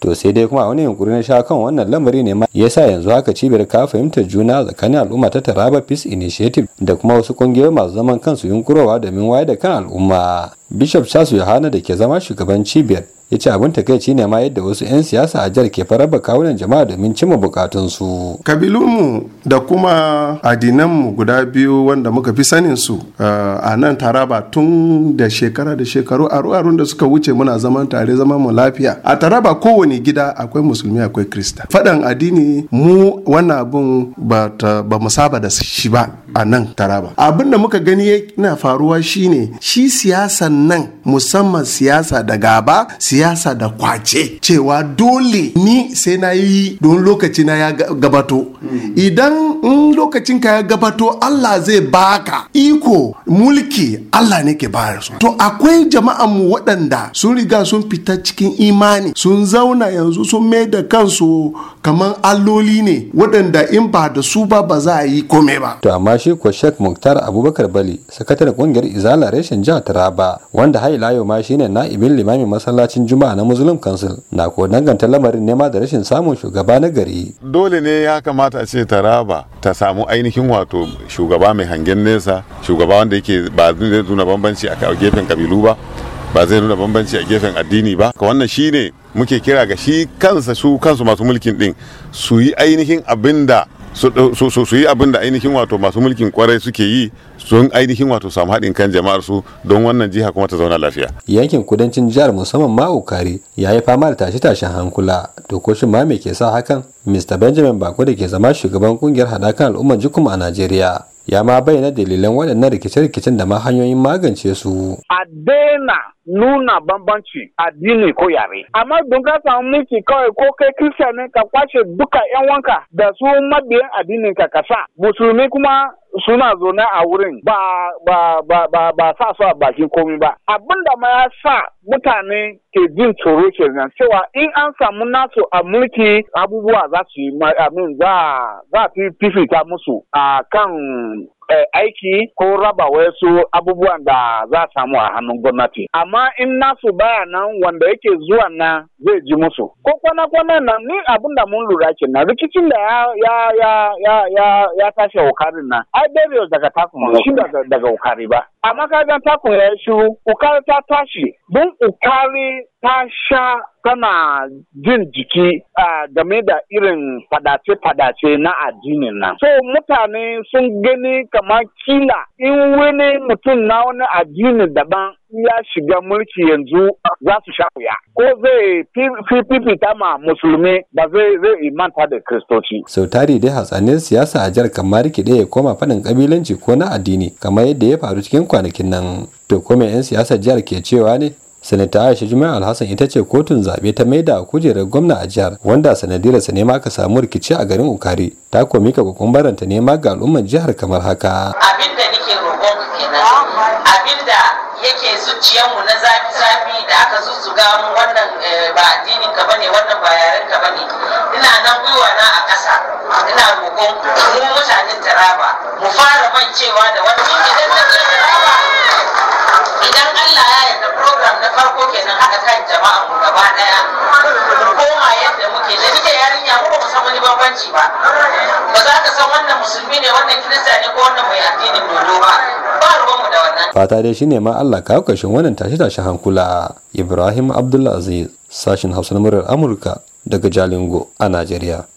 to sai dai kuma wani yunkuri na sha kan wannan lamari ne ya sa yanzu haka cibiyar ka fahimtar juna tsakanin al'umma ta taraba peace initiative da kuma wasu kungiyoyi masu zaman kansu yunkurowa domin wayar da kan al'umma bishop charles yohana da ke zama shugaban cibiyar ya ce abin takaici ne ma yadda wasu 'yan siyasa a jihar ke faraba kawunan jama'a domin cimma bukatunsu. kabilunmu da kuma adinanmu guda biyu wanda muka fi sanin su eh, a nan taraba tun da shekara da shekaru aru-arun da suka wuce muna zaman tare zaman mu lafiya a taraba kowane gida akwai musulmi akwai krista faɗan addini mu wannan abun ba mu saba da shi ba a nan taraba abin da muka gani yana faruwa shine shi siyasan nan musamman siyasa da gaba siyasa siyasa da kwace cewa dole ni sai na yi don lokaci na ya gabato mm. idan lokacin ka ya gabato Allah zai baka iko mulki Allah ne ke bayar su to akwai jama'an mu waɗanda sun riga sun fita cikin imani sun zauna yanzu sun mai da kansu kamar alloli ne waɗanda in ba da su ba ba za a yi komai ba to amma shi ko Sheikh Muktar Abubakar Bali sakataren kungiyar Izala reshen jihar Taraba wanda hayi layo ma shine na'ibin limamin masallacin juma'a na muslim council na ko danganta lamarin nema da rashin samun shugaba na gari dole ne ya kamata a ce taraba ta samu ainihin wato shugaba mai hangen nesa shugaba wanda yake ba zai nuna bambanci a gefen kabilu ba ba zai nuna bambanci a gefen addini ba ka wannan shine muke kira ga shi kansa su kansu masu mulkin din su yi ainihin abinda. su yi abin da ainihin wato masu mulkin kwarai suke yi sun ainihin wato samu haɗin kan jama'ar su don wannan jiha kuma ta zauna lafiya. Yankin kudancin jihar musamman ma Ukari ya yi fama da tashe-tashen hankula to ko shin ma me ke sa hakan? Mr. Benjamin Bako da ke zama shugaban kungiyar haɗakan al'ummar jikuma a Najeriya. Ya ma bayyana dalilan waɗannan rikice-rikicen da ma hanyoyin magance su. A daina nuna bambanci addini ko yare amma don ka samu miki kawai ko kai kristiyan ne ka kwashe duka yan wanka da su mabiyan addinin ka kasa musulmi kuma suna zaune a wurin ba ba ba ba ba sa su a bakin komi ba abinda ma ya sa mutane ke jin tsoro kenan cewa in an samu nasu a mulki abubuwa za su yi amin za za fi fifita musu a kan Eh, aiki ko raba wasu abubuwan da za samu a hannun gwamnati amma in nasu baya nan wanda yake zuwa na zai ji musu ko kwana kwana nan ni abin da mun lura kenan rikicin da ya ya ya ya ya tashi wukarin nan ai daga takun shi daga wukari ba a makaranta koya shiru ukari ta tashi don ukari ta sha tana jin jiki game da irin fadace-fadace na addinin na. So mutane sun gani kama kila in wani mutum na wani addini daban ya shiga mulki yanzu za su sha wuya ko zai fifita ma musulmi ba zai zai imanta da kristoci. sau tari dai hatsanin siyasa a jihar kamar rikide ya koma faɗin kabilanci ko na addini kamar yadda ya faru cikin kwanakin nan to kuma 'yan siyasa jihar ke cewa ne sanata aisha jimai alhassan ita ce kotun zaɓe ta maida kujerar gwamna a jihar wanda sanadiyar sa nema ka samu rikici a garin ukari ta komi ka kukumbaranta nema ga al'ummar jihar kamar haka Abinda. roƙon kenan abinda yake zuciyarmu na zafi-zafi da aka zuzuga mu wannan eh, ba addinin ka bane wannan ba yaren ka bane ina nan gwiwa na a ƙasa ina roƙon mu mutanen taraba mu fara cewa da wannan idan na zai taraba idan Allah ya yarda program na farko kenan haka kan jama'a mu gaba ɗaya koma yadda muke da nike yarinya mu ba mu san wani bambanci ba ba za ka san wannan musulmi ne wannan kirista ne ko wannan mai addinin dodo ba fata dai shine ma Allah kawo ƙarshen wannan tashe-tashen hankula Ibrahim Abdulaziz sashin Hausa na murar Amurka daga Jalingo a Najeriya